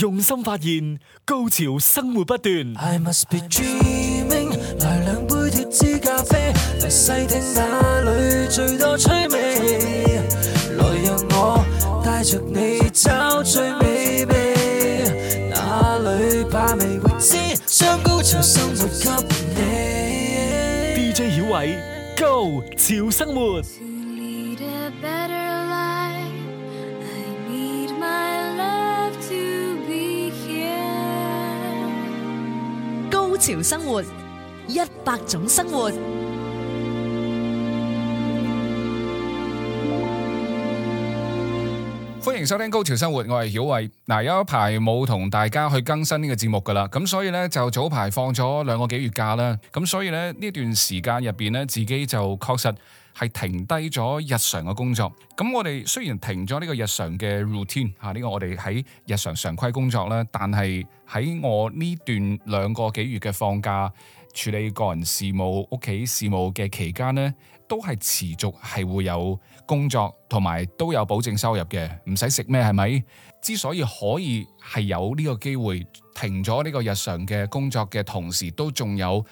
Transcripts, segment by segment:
用心發現，Go 潮生活不斷。高潮生活，一百種生活。歡迎收聽《高潮生活》，我係曉慧。嗱，有一排冇同大家去更新呢個節目噶啦，咁所以呢，就早排放咗兩個幾月假啦。咁所以呢，呢段時間入邊呢，自己就確實。係停低咗日常嘅工作，咁我哋雖然停咗呢個日常嘅 routine，啊呢個我哋喺日常常規工作啦。但係喺我呢段兩個幾月嘅放假處理個人事務、屋企事務嘅期間呢，都係持續係會有工作同埋都有保證收入嘅，唔使食咩？係咪？之所以可以係有呢個機會停咗呢個日常嘅工作嘅同時，都仲有。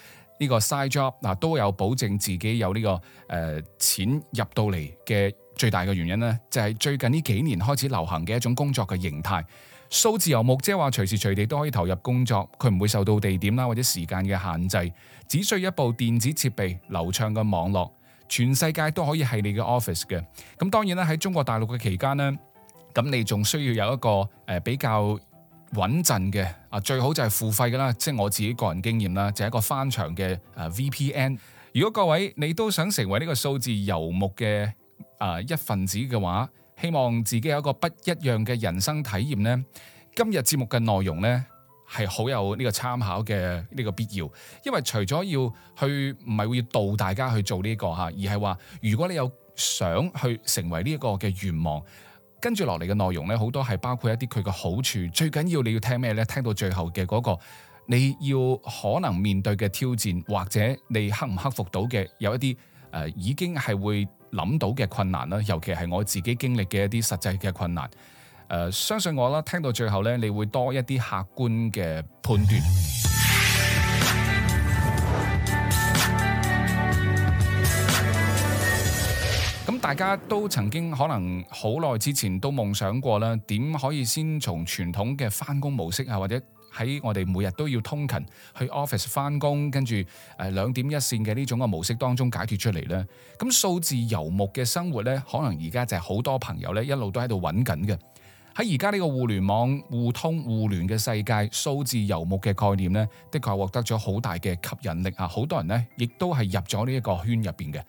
呢個 side job 嗱、啊、都有保證自己有呢、這個誒、呃、錢入到嚟嘅最大嘅原因呢，就係、是、最近呢幾年開始流行嘅一種工作嘅形態，數字游牧，即係話隨時隨地都可以投入工作，佢唔會受到地點啦或者時間嘅限制，只需要一部電子設備、流暢嘅網絡，全世界都可以係你嘅 office 嘅。咁當然啦，喺中國大陸嘅期間呢，咁你仲需要有一個誒、呃、比較。穩陣嘅啊，最好就係付費㗎啦，即係我自己個人經驗啦，就係、是、一個翻牆嘅誒 VPN。如果各位你都想成為呢個數字遊牧嘅啊一份子嘅話，希望自己有一個不一樣嘅人生體驗呢。今日節目嘅內容呢，係好有呢個參考嘅呢個必要，因為除咗要去唔係會要導大家去做呢、這個嚇，而係話如果你有想去成為呢個嘅願望。跟住落嚟嘅內容咧，好多係包括一啲佢嘅好處，最緊要你要聽咩咧？聽到最後嘅嗰個，你要可能面對嘅挑戰，或者你克唔克服到嘅，有一啲誒，已經係會諗到嘅困難啦。尤其係我自己經歷嘅一啲實際嘅困難。誒，相信我啦，聽到最後咧，你會多一啲客觀嘅判斷。大家都曾經可能好耐之前都夢想過啦，點可以先從傳統嘅翻工模式啊，或者喺我哋每日都要通勤去 office 翻工，跟住誒兩點一線嘅呢種嘅模式當中解脫出嚟呢，咁數字遊牧嘅生活呢，可能而家就係好多朋友呢，一路都喺度揾緊嘅。喺而家呢個互聯網互通互聯嘅世界，數字遊牧嘅概念呢，的確係獲得咗好大嘅吸引力啊！好多人呢，亦都係入咗呢一個圈入邊嘅。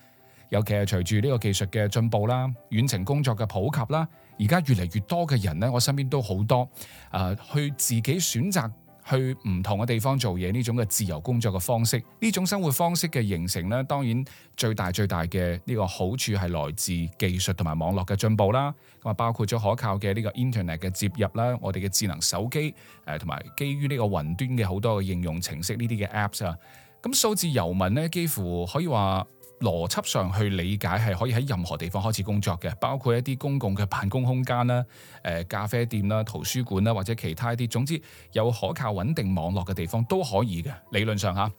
尤其係隨住呢個技術嘅進步啦，遠程工作嘅普及啦，而家越嚟越多嘅人咧，我身邊都好多啊、呃，去自己選擇去唔同嘅地方做嘢，呢種嘅自由工作嘅方式，呢種生活方式嘅形成咧，當然最大最大嘅呢個好處係來自技術同埋網絡嘅進步啦。咁啊，包括咗可靠嘅呢個 internet 嘅接入啦，我哋嘅智能手機誒，同、呃、埋基於呢個雲端嘅好多嘅應用程式 s, 呢啲嘅 apps 啊，咁數字遊民咧，幾乎可以話，邏輯上去理解係可以喺任何地方開始工作嘅，包括一啲公共嘅辦公空間啦、誒、呃、咖啡店啦、圖書館啦，或者其他一啲，總之有可靠穩定網絡嘅地方都可以嘅，理論上嚇。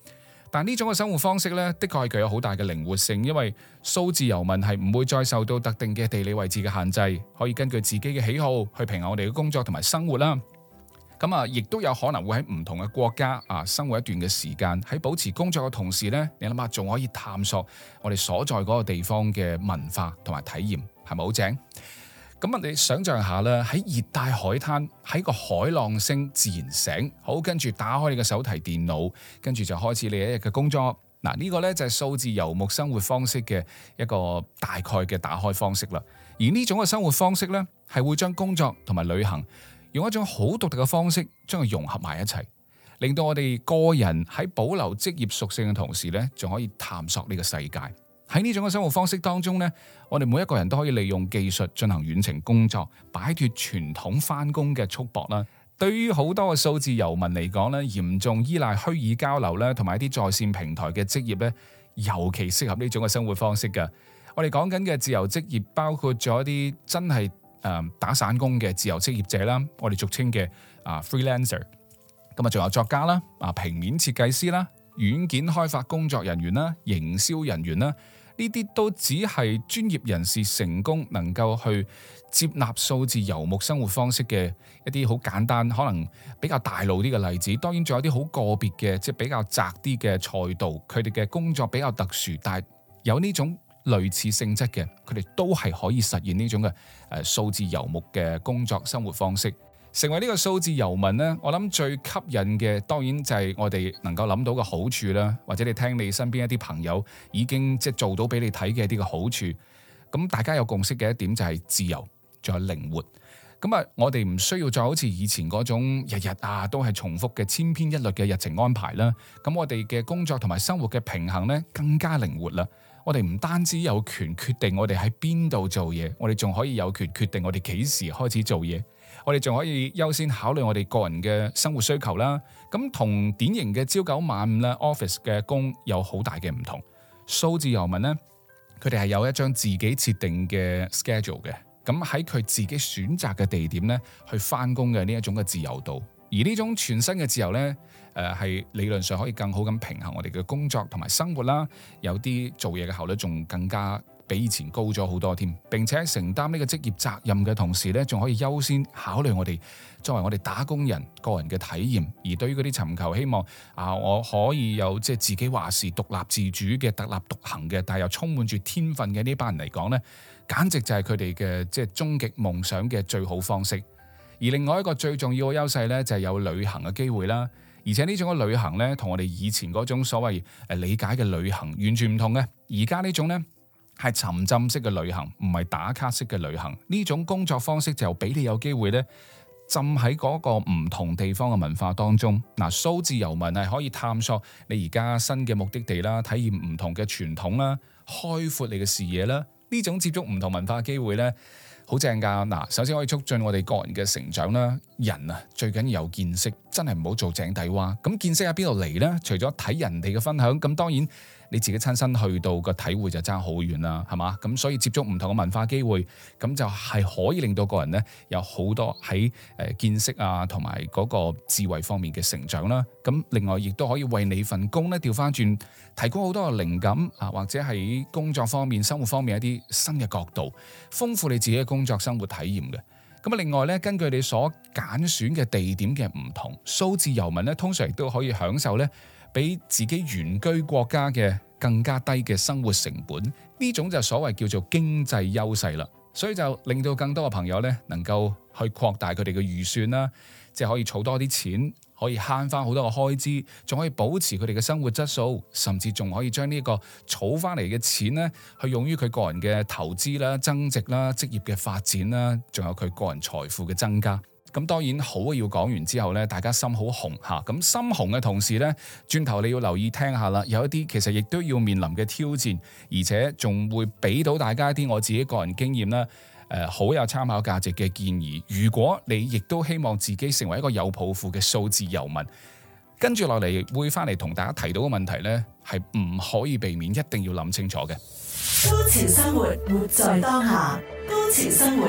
但呢種嘅生活方式呢，的確係具有好大嘅靈活性，因為數字遊民係唔會再受到特定嘅地理位置嘅限制，可以根據自己嘅喜好去平衡我哋嘅工作同埋生活啦。咁啊，亦都有可能會喺唔同嘅國家啊，生活一段嘅時間，喺保持工作嘅同時咧，你諗下仲可以探索我哋所在嗰個地方嘅文化同埋體驗，係咪好正？咁啊，你想象下啦，喺熱帶海灘，喺個海浪聲自然醒，好，跟住打開你嘅手提電腦，跟住就開始你一日嘅工作。嗱，呢個咧就係數字遊牧生活方式嘅一個大概嘅打開方式啦。而呢種嘅生活方式咧，係會將工作同埋旅行。用一種好獨特嘅方式將佢融合埋一齊，令到我哋個人喺保留職業屬性嘅同時咧，仲可以探索呢個世界。喺呢種嘅生活方式當中咧，我哋每一個人都可以利用技術進行遠程工作，擺脱傳統返工嘅束縛啦。對於好多嘅數字遊民嚟講咧，嚴重依賴虛擬交流啦，同埋一啲在線平台嘅職業咧，尤其適合呢種嘅生活方式㗎。我哋講緊嘅自由職業包括咗一啲真係。誒，打散工嘅自由職業者啦，我哋俗稱嘅啊 freelancer，咁啊，仲有作家啦，啊平面設計師啦，軟件開發工作人員啦，營銷人員啦，呢啲都只係專業人士成功能夠去接納數字游牧生活方式嘅一啲好簡單，可能比較大路啲嘅例子。當然，仲有啲好個別嘅，即係比較窄啲嘅賽道，佢哋嘅工作比較特殊，但係有呢種。類似性質嘅，佢哋都係可以實現呢種嘅誒數字遊牧嘅工作生活方式。成為呢個數字遊民呢，我諗最吸引嘅當然就係我哋能夠諗到嘅好處啦，或者你聽你身邊一啲朋友已經即係做到俾你睇嘅一啲嘅好處。咁大家有共識嘅一點就係自由，仲有靈活。咁啊，我哋唔需要再好似以前嗰種日日啊都係重複嘅千篇一律嘅日程安排啦。咁我哋嘅工作同埋生活嘅平衡呢，更加靈活啦。我哋唔單止有權決定我哋喺邊度做嘢，我哋仲可以有權決定我哋幾時開始做嘢，我哋仲可以優先考慮我哋個人嘅生活需求啦。咁、嗯、同典型嘅朝九晚五咧 office 嘅工有好大嘅唔同。數字遊民呢，佢哋係有一張自己設定嘅 schedule 嘅，咁喺佢自己選擇嘅地點呢去翻工嘅呢一種嘅自由度，而呢種全新嘅自由呢，誒係理論上可以更好咁平衡我哋嘅工作同埋生活啦。有啲做嘢嘅效率仲更加比以前高咗好多添。並且承擔呢個職業責任嘅同時咧，仲可以優先考慮我哋作為我哋打工人個人嘅體驗。而對於嗰啲尋求希望啊，我可以有即係自己話事獨立自主嘅特立獨行嘅，但係又充滿住天分嘅呢班人嚟講咧，簡直就係佢哋嘅即係終極夢想嘅最好方式。而另外一個最重要嘅優勢咧，就係有旅行嘅機會啦。而且呢種嘅旅行呢，同我哋以前嗰種所謂誒理解嘅旅行完全唔同嘅。而家呢種呢，係沉浸式嘅旅行，唔係打卡式嘅旅行。呢種工作方式就俾你有機會呢，浸喺嗰個唔同地方嘅文化當中。嗱，數字遊民係可以探索你而家新嘅目的地啦，體驗唔同嘅傳統啦，開闊你嘅視野啦。呢種接觸唔同文化嘅機會呢。好正噶，嗱，首先可以促進我哋個人嘅成長啦。人啊，最緊要有見識，真係唔好做井底蛙。咁見識喺邊度嚟咧？除咗睇人哋嘅分享，咁當然。你自己親身去到個體會就差好遠啦，係嘛？咁所以接觸唔同嘅文化機會，咁就係可以令到個人呢有好多喺誒見識啊，同埋嗰個智慧方面嘅成長啦。咁另外亦都可以為你份工呢調返轉，提供好多嘅靈感啊，或者係工作方面、生活方面一啲新嘅角度，豐富你自己嘅工作生活體驗嘅。咁啊，另外呢，根據你所揀選嘅地點嘅唔同，數字遊民呢通常亦都可以享受呢。比自己原居國家嘅更加低嘅生活成本，呢種就所謂叫做經濟優勢啦，所以就令到更多嘅朋友呢，能夠去擴大佢哋嘅預算啦，即係可以儲多啲錢，可以慳翻好多嘅開支，仲可以保持佢哋嘅生活質素，甚至仲可以將呢個儲翻嚟嘅錢呢，去用於佢個人嘅投資啦、增值啦、職業嘅發展啦，仲有佢個人財富嘅增加。咁當然好要講完之後咧，大家心好紅吓，咁、啊、心紅嘅同時咧，轉頭你要留意聽下啦，有一啲其實亦都要面臨嘅挑戰，而且仲會俾到大家一啲我自己個人經驗啦，誒、呃，好有參考價值嘅建議。如果你亦都希望自己成為一個有抱負嘅數字遊民，跟住落嚟會翻嚟同大家提到嘅問題咧，係唔可以避免，一定要諗清楚嘅。Go 潮生活，活在當下。Go 潮生活。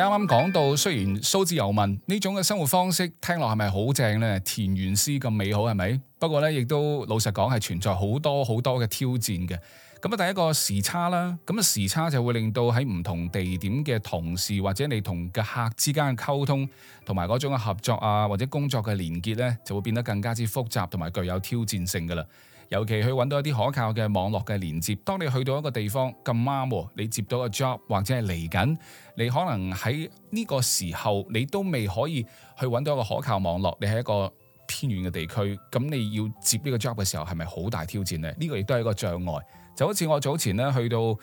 啱啱講到，雖然數字遊牧呢種嘅生活方式聽落係咪好正咧？田園詩咁美好係咪？不過咧，亦都老實講係存在好多好多嘅挑戰嘅。咁、嗯、啊，第一個時差啦，咁、嗯、啊時差就會令到喺唔同地點嘅同事或者你同嘅客之間嘅溝通，同埋嗰種嘅合作啊，或者工作嘅連結咧，就會變得更加之複雜同埋具有挑戰性噶啦。尤其去揾到一啲可靠嘅網絡嘅連接。當你去到一個地方咁啱喎，你接到個 job 或者係嚟緊，你可能喺呢個時候你都未可以去揾到一個可靠網絡。你喺一個偏遠嘅地區，咁你要接呢個 job 嘅時候，係咪好大挑戰呢？呢個亦都係一個障礙。就好似我早前咧去到喺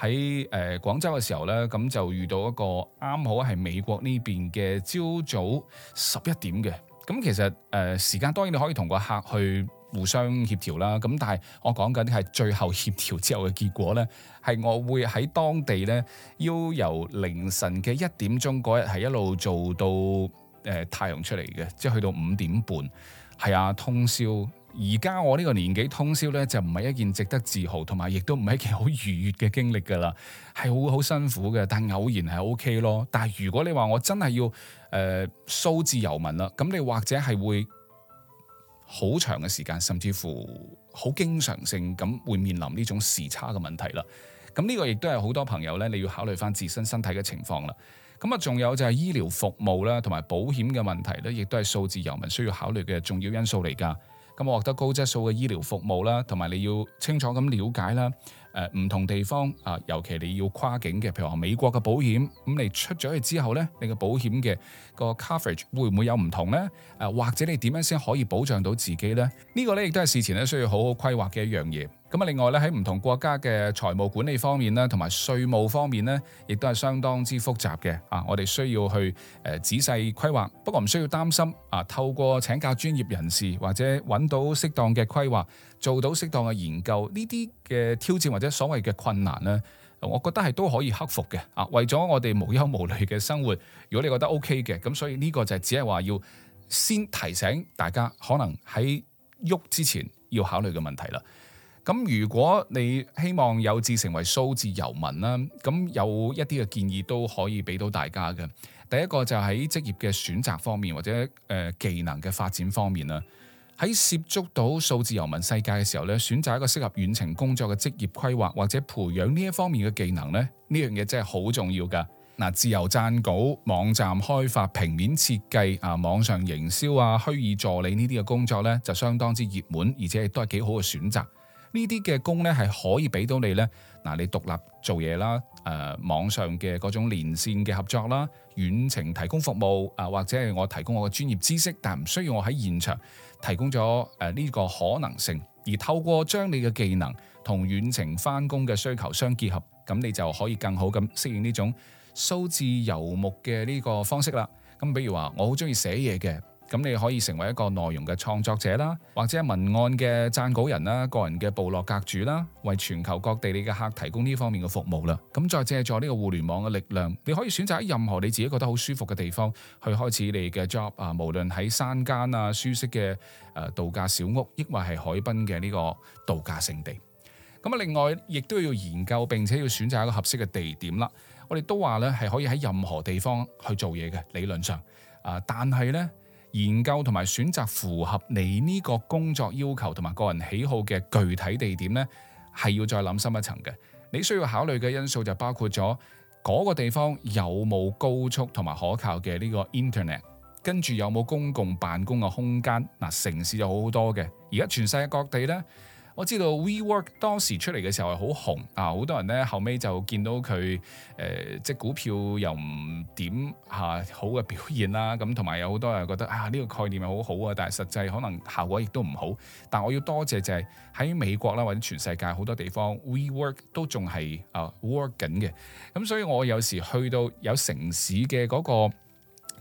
誒、呃、廣州嘅時候呢，咁就遇到一個啱好係美國呢邊嘅朝早十一點嘅。咁其實誒、呃、時間當然你可以同個客去，互相協調啦，咁但係我講緊啲係最後協調之後嘅結果咧，係我會喺當地咧，要由凌晨嘅一點鐘嗰日係一路做到誒、呃、太陽出嚟嘅，即係去到五點半，係啊通宵。而家我呢個年紀通宵咧就唔係一件值得自豪同埋，亦都唔係一件好愉悅嘅經歷㗎啦，係好好辛苦嘅。但偶然係 O K 咯。但係如果你話我真係要誒數字遊民啦，咁你或者係會。好長嘅時間，甚至乎好經常性咁會面臨呢種時差嘅問題啦。咁呢個亦都係好多朋友咧，你要考慮翻自身身體嘅情況啦。咁啊，仲有就係醫療服務啦，同埋保險嘅問題咧，亦都係數字遊民需要考慮嘅重要因素嚟噶。咁我獲得高質素嘅醫療服務啦，同埋你要清楚咁了解啦。誒，唔、呃、同地方啊，尤其你要跨境嘅，譬如話美國嘅保險，咁你出咗去之後呢，你保險個保險嘅個 coverage 會唔會有唔同呢？誒、啊，或者你點樣先可以保障到自己呢？呢、這個呢，亦都係事前呢需要好好規劃嘅一樣嘢。咁啊！另外咧，喺唔同國家嘅財務管理方面咧，同埋稅務方面咧，亦都係相當之複雜嘅啊。我哋需要去誒仔細規劃，不過唔需要擔心啊。透過請教專業人士或者揾到適當嘅規劃，做到適當嘅研究，呢啲嘅挑戰或者所謂嘅困難咧，我覺得係都可以克服嘅啊。為咗我哋無憂無慮嘅生活，如果你覺得 OK 嘅咁，所以呢個就係只係話要先提醒大家，可能喺喐之前要考慮嘅問題啦。咁如果你希望有志成為數字遊民啦，咁有一啲嘅建議都可以俾到大家嘅。第一個就係職業嘅選擇方面，或者誒、呃、技能嘅發展方面啦，喺涉足到數字遊民世界嘅時候咧，選擇一個適合遠程工作嘅職業規劃，或者培養呢一方面嘅技能咧，呢樣嘢真係好重要噶。嗱，自由撰稿、網站開發、平面設計啊、網上營銷啊、虛擬助理呢啲嘅工作咧，就相當之熱門，而且亦都係幾好嘅選擇。呢啲嘅工咧係可以俾到你咧，嗱你獨立做嘢啦，誒、呃、網上嘅嗰種連線嘅合作啦，遠程提供服務，啊、呃、或者係我提供我嘅專業知識，但唔需要我喺現場提供咗誒呢個可能性，而透過將你嘅技能同遠程返工嘅需求相結合，咁你就可以更好咁適應呢種數字遊牧嘅呢個方式啦。咁比如話，我好中意寫嘢嘅。咁你可以成為一個內容嘅創作者啦，或者係文案嘅撰稿人啦，個人嘅部落格主啦，為全球各地你嘅客提供呢方面嘅服務啦。咁再借助呢個互聯網嘅力量，你可以選擇喺任何你自己覺得好舒服嘅地方去開始你嘅 job 啊。無論喺山間啊舒適嘅誒度假小屋，亦或係海濱嘅呢個度假勝地。咁啊，另外亦都要研究並且要選擇一個合適嘅地點啦。我哋都話咧係可以喺任何地方去做嘢嘅，理論上啊，但係咧。研究同埋選擇符合你呢個工作要求同埋個人喜好嘅具體地點呢，係要再諗深一層嘅。你需要考慮嘅因素就包括咗嗰個地方有冇高速同埋可靠嘅呢個 Internet，跟住有冇公共辦公嘅空間。嗱、呃，城市有好多嘅，而家全世界各地呢。我知道 WeWork 當時出嚟嘅時候係好紅，啊，好多人咧，後尾就見到佢誒、呃、即係股票又唔點吓、啊、好嘅表現啦，咁同埋有好多人覺得啊呢、呢個概念係好好啊，但係實際可能效果亦都唔好。但我要多謝就係喺美國啦或者全世界好多地方 WeWork 都仲係、uh, 啊 work 緊嘅，咁所以我有時去到有城市嘅嗰個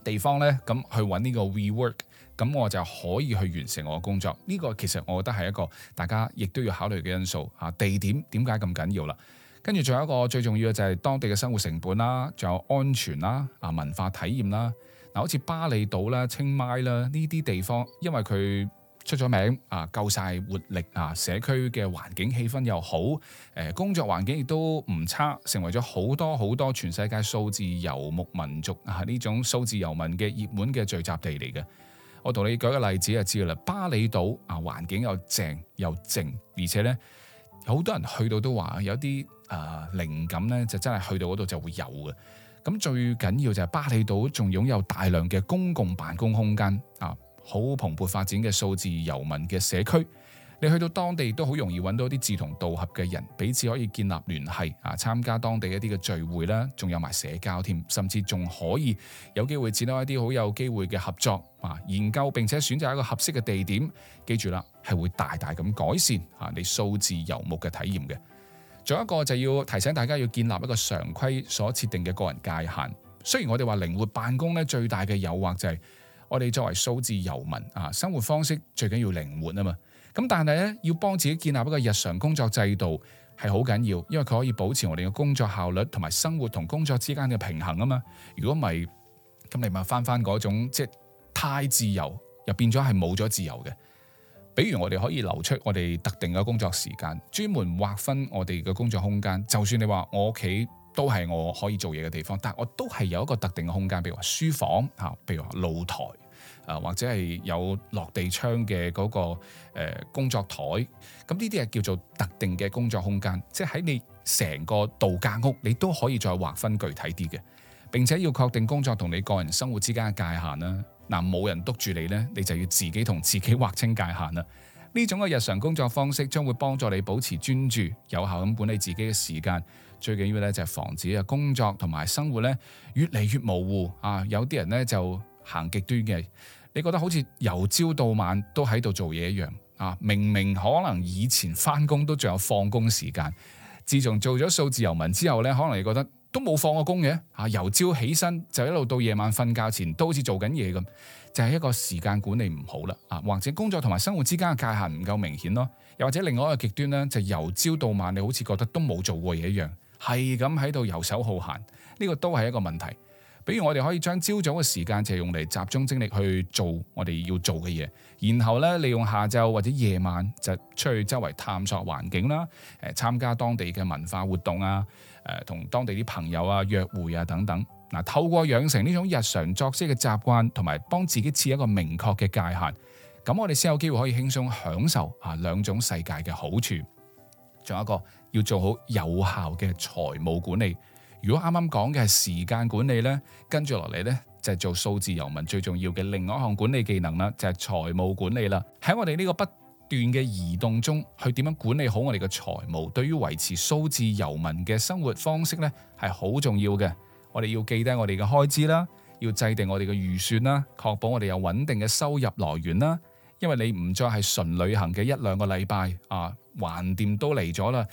地方咧，咁、啊、去揾呢個 WeWork。咁我就可以去完成我嘅工作呢、這個其實我覺得係一個大家亦都要考慮嘅因素啊。地點點解咁緊要啦？跟住仲有一個最重要嘅就係當地嘅生活成本啦，仲、啊、有安全啦，啊文化體驗啦。嗱、啊，好似巴厘島啦、清邁啦呢啲地方，因為佢出咗名啊，夠晒活力啊，社區嘅環境氣氛又好，誒、呃、工作環境亦都唔差，成為咗好多好多全世界數字游牧民族啊呢種數字游民嘅熱門嘅聚集地嚟嘅。我同你舉個例子就知道啦，巴厘島啊，環境又正又靜，而且呢，好多人去到都話有啲誒、呃、靈感呢，就真係去到嗰度就會有嘅。咁最緊要就係巴厘島仲擁有大量嘅公共辦公空間啊，好蓬勃發展嘅數字遊民嘅社區。你去到當地都好容易揾到啲志同道合嘅人，彼此可以建立聯繫啊。參加當地一啲嘅聚會啦，仲有埋社交添，甚至仲可以有機會展開一啲好有機會嘅合作啊。研究並且選擇一個合適嘅地點，記住啦，係會大大咁改善啊你數字遊牧嘅體驗嘅。仲有一個，就要提醒大家要建立一個常規所設定嘅個人界限。雖然我哋話靈活辦公咧，最大嘅誘惑就係我哋作為數字遊民啊，生活方式最緊要靈活啊嘛。咁但係咧，要幫自己建立一個日常工作制度係好緊要，因為佢可以保持我哋嘅工作效率，同埋生活同工作之間嘅平衡啊嘛。如果唔係，咁你咪翻翻嗰種即係太自由，又變咗係冇咗自由嘅。比如我哋可以留出我哋特定嘅工作時間，專門劃分我哋嘅工作空間。就算你話我屋企都係我可以做嘢嘅地方，但係我都係有一個特定嘅空間，比如話書房啊，比如話露台。啊，或者係有落地窗嘅嗰個誒工作台，咁呢啲係叫做特定嘅工作空間，即係喺你成個度假屋，你都可以再劃分具體啲嘅，並且要確定工作同你個人生活之間嘅界限啦。嗱，冇人督住你呢，你就要自己同自己劃清界限啦。呢種嘅日常工作方式將會幫助你保持專注，有效咁管理自己嘅時間。最緊要咧就係防止啊工作同埋生活咧越嚟越模糊啊！有啲人咧就。行極端嘅，你覺得好似由朝到晚都喺度做嘢一樣啊！明明可能以前翻工都仲有放工時間，自從做咗數字遊民之後咧，可能你覺得都冇放過工嘅啊！由朝起身就一路到夜晚瞓覺前都好似做緊嘢咁，就係一個時間管理唔好啦啊！或者工作同埋生活之間嘅界限唔夠明顯咯，又或者另外一個極端咧，就由朝到晚你好似覺得都冇做過嘢一樣，係咁喺度遊手好閒，呢個都係一個問題。比如我哋可以將朝早嘅時間就用嚟集中精力去做我哋要做嘅嘢，然後咧利用下晝或者夜晚就出去周圍探索環境啦，誒、呃、參加當地嘅文化活動啊，誒、呃、同當地啲朋友啊約會啊等等。嗱、啊，透過養成呢種日常作息嘅習慣，同埋幫自己設一個明確嘅界限，咁我哋先有機會可以輕鬆享受啊兩種世界嘅好處。仲有一個要做好有效嘅財務管理。如果啱啱講嘅係時間管理呢，跟住落嚟呢，就係做數字遊民最重要嘅另外一項管理技能啦，就係、是、財務管理啦。喺我哋呢個不斷嘅移動中，去點樣管理好我哋嘅財務，對於維持數字遊民嘅生活方式呢係好重要嘅。我哋要記低我哋嘅開支啦，要制定我哋嘅預算啦，確保我哋有穩定嘅收入來源啦。因為你唔再係純旅行嘅一兩個禮拜啊，橫掂都嚟咗啦。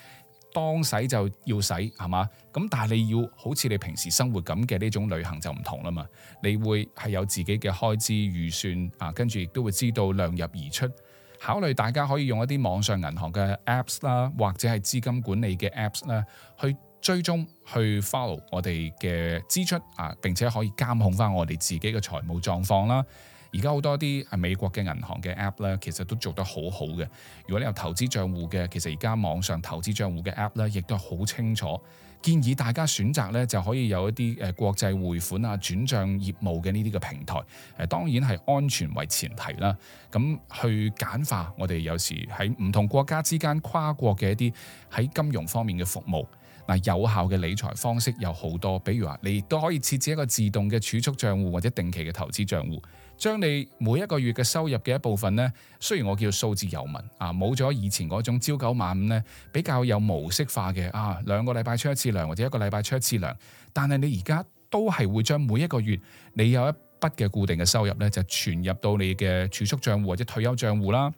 當使就要使係咪？咁但係你要好似你平時生活咁嘅，呢種旅行就唔同啦嘛，你會係有自己嘅開支預算啊，跟住亦都會知道量入而出，考慮大家可以用一啲網上銀行嘅 apps 啦，或者係資金管理嘅 apps 啦，去追蹤去 follow 我哋嘅支出啊，並且可以監控翻我哋自己嘅財務狀況啦。而家好多啲係美國嘅銀行嘅 app 咧，其實都做得好好嘅。如果你有投資帳戶嘅，其實而家網上投資帳戶嘅 app 咧，亦都好清楚。建議大家選擇咧就可以有一啲誒國際匯款啊、轉帳業務嘅呢啲嘅平台誒，當然係安全為前提啦。咁去簡化我哋有時喺唔同國家之間跨國嘅一啲喺金融方面嘅服務嗱，有效嘅理財方式有好多，比如話你亦都可以設置一個自動嘅儲蓄帳戶或者定期嘅投資帳戶。將你每一個月嘅收入嘅一部分呢雖然我叫數字游民啊，冇咗以前嗰種朝九晚五呢比較有模式化嘅啊，兩個禮拜出一次糧或者一個禮拜出一次糧，但係你而家都係會將每一個月你有一筆嘅固定嘅收入呢就存入到你嘅儲蓄賬戶或者退休賬戶啦。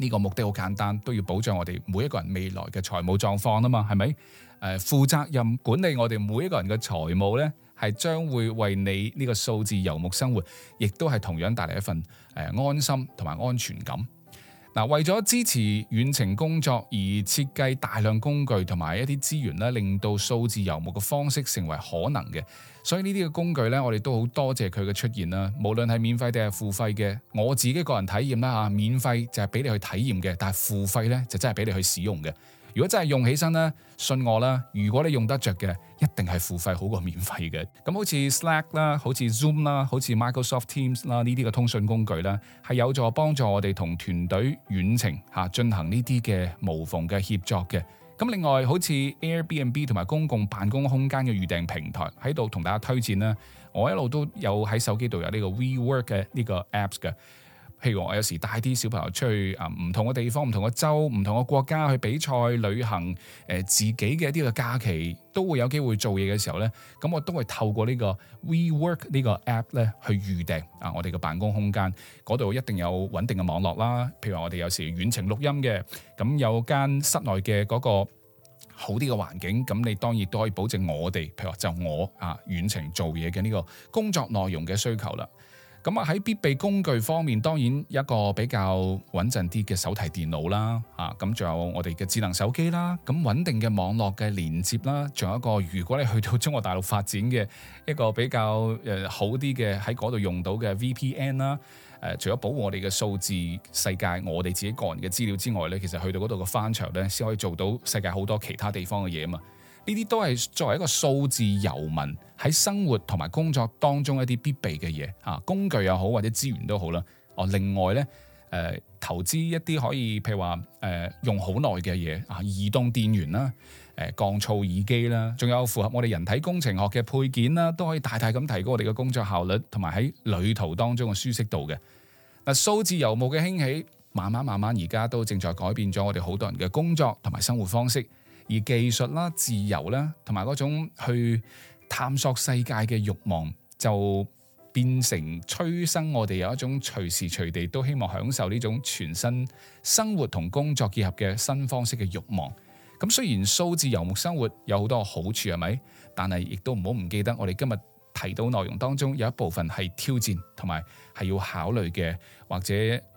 呢個目的好簡單，都要保障我哋每一個人未來嘅財務狀況啊嘛，係咪？誒、呃，負責任管理我哋每一個人嘅財務呢。係將會為你呢個數字遊牧生活，亦都係同樣帶嚟一份誒安心同埋安全感。嗱，為咗支持遠程工作而設計大量工具同埋一啲資源咧，令到數字遊牧嘅方式成為可能嘅。所以呢啲嘅工具咧，我哋都好多謝佢嘅出現啦。無論係免費定係付費嘅，我自己個人體驗啦嚇，免費就係俾你去體驗嘅，但係付費咧就真係俾你去使用嘅。如果真係用起身咧，信我啦！如果你用得着嘅，一定係付費好過免費嘅。咁好似 Slack 啦，好似 Zoom 啦，好似 Microsoft Teams 啦，呢啲嘅通訊工具啦，係有助幫助我哋同團隊遠程嚇進行呢啲嘅無縫嘅協作嘅。咁另外好似 Airbnb 同埋公共辦公空間嘅預訂平台喺度同大家推薦啦。我一路都有喺手機度有呢個 WeWork 嘅呢個 Apps 嘅。譬如我有時帶啲小朋友出去啊，唔同嘅地方、唔同嘅州、唔同嘅國家去比賽、旅行，誒、呃、自己嘅一啲嘅假期都會有機會做嘢嘅時候咧，咁我都會透過呢個 WeWork 呢個 app 咧去預訂啊，我哋嘅辦公空間嗰度一定有穩定嘅網絡啦。譬如話我哋有時遠程錄音嘅，咁有間室內嘅嗰個好啲嘅環境，咁你當然都可以保證我哋，譬如話就我啊遠程做嘢嘅呢個工作內容嘅需求啦。咁啊喺必備工具方面，當然一個比較穩陣啲嘅手提電腦啦，嚇咁仲有我哋嘅智能手機啦，咁、啊、穩定嘅網絡嘅連接啦，仲有一個如果你去到中國大陸發展嘅一個比較誒好啲嘅喺嗰度用到嘅 VPN 啦，誒、啊、除咗保護我哋嘅數字世界，我哋自己個人嘅資料之外咧，其實去到嗰度嘅翻牆咧，先可以做到世界好多其他地方嘅嘢啊嘛～呢啲都係作為一個數字遊民喺生活同埋工作當中一啲必備嘅嘢啊，工具又好或者資源都好啦。哦、啊，另外咧，誒、呃、投資一啲可以，譬如話誒、呃、用好耐嘅嘢啊，移動電源啦，誒、啊、降噪耳機啦，仲、啊、有符合我哋人體工程學嘅配件啦、啊，都可以大大咁提高我哋嘅工作效率同埋喺旅途當中嘅舒適度嘅。嗱、啊，數字遊牧嘅興起，慢慢慢慢而家都正在改變咗我哋好多人嘅工作同埋生活方式。而技術啦、啊、自由啦、啊，同埋嗰種去探索世界嘅慾望，就變成催生我哋有一種隨時隨地都希望享受呢種全新生活同工作結合嘅新方式嘅慾望。咁雖然數字遊牧生活有好多好處係咪？但係亦都唔好唔記得我哋今日提到內容當中有一部分係挑戰同埋係要考慮嘅或者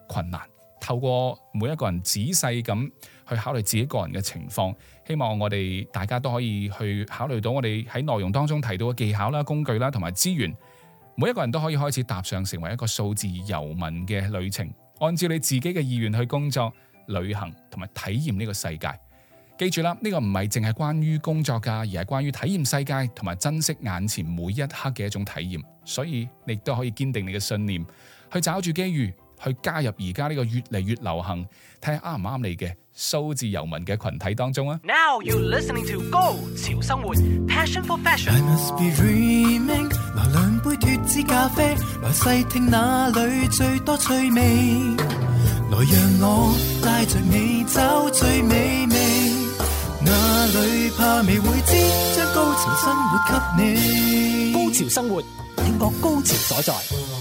困難。透過每一個人仔細咁去考慮自己個人嘅情況，希望我哋大家都可以去考慮到我哋喺內容當中提到嘅技巧啦、工具啦同埋資源，每一個人都可以開始踏上成為一個數字遊民嘅旅程，按照你自己嘅意願去工作、旅行同埋體驗呢個世界。記住啦，呢個唔係淨係關於工作噶，而係關於體驗世界同埋珍惜眼前每一刻嘅一種體驗。所以你都可以堅定你嘅信念，去找住機遇。去加入而家呢個越嚟越流行，睇下啱唔啱你嘅數字遊民嘅羣體當中啊！Now you listening to 高潮生活，passion for fashion。I must be dreaming。來兩杯脱脂咖啡，來細聽哪裏最多趣味。來讓我帶著你找最美味，哪裏怕未會知，將高潮生活給你。高潮生活，聽過高潮所在。